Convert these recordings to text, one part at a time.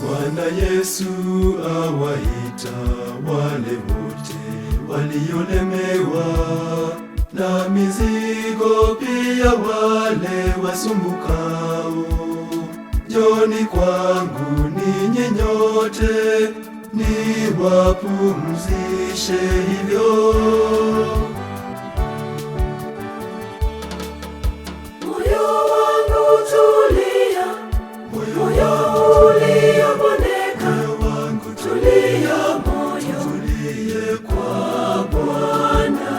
Bwana Yesu awaita wale wote waliolemewa na mizigo, pia wale wasumbukao Njoni kwangu ninyi nyote, niwapumzishe hivyo. Moyo wangu tulia, moyo tulia moyo, tulie kwa Bwana,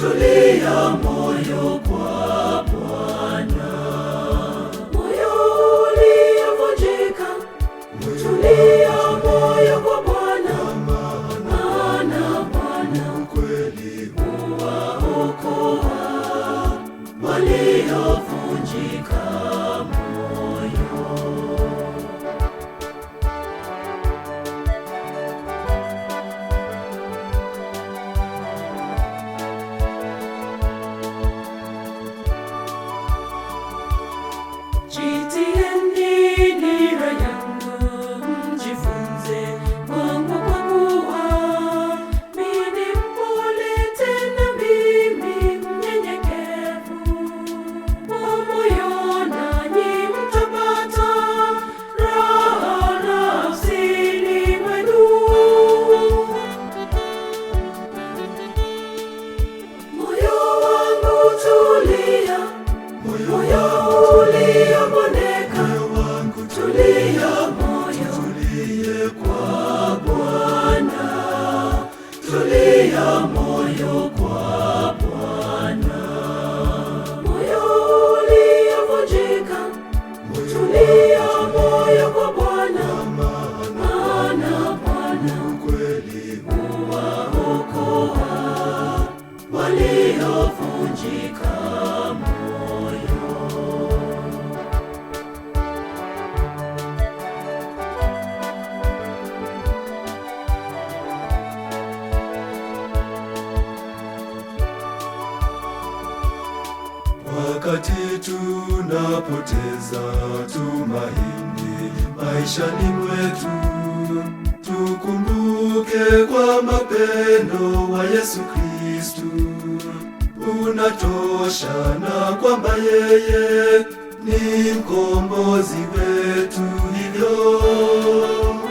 tulia moyo kwa wakati tunapoteza tumaini ni mwetu, tukumbuke kwa mapendo wa Yesu Kristu unatosha, na kwamba yeye ni mkombozi wetu hivyo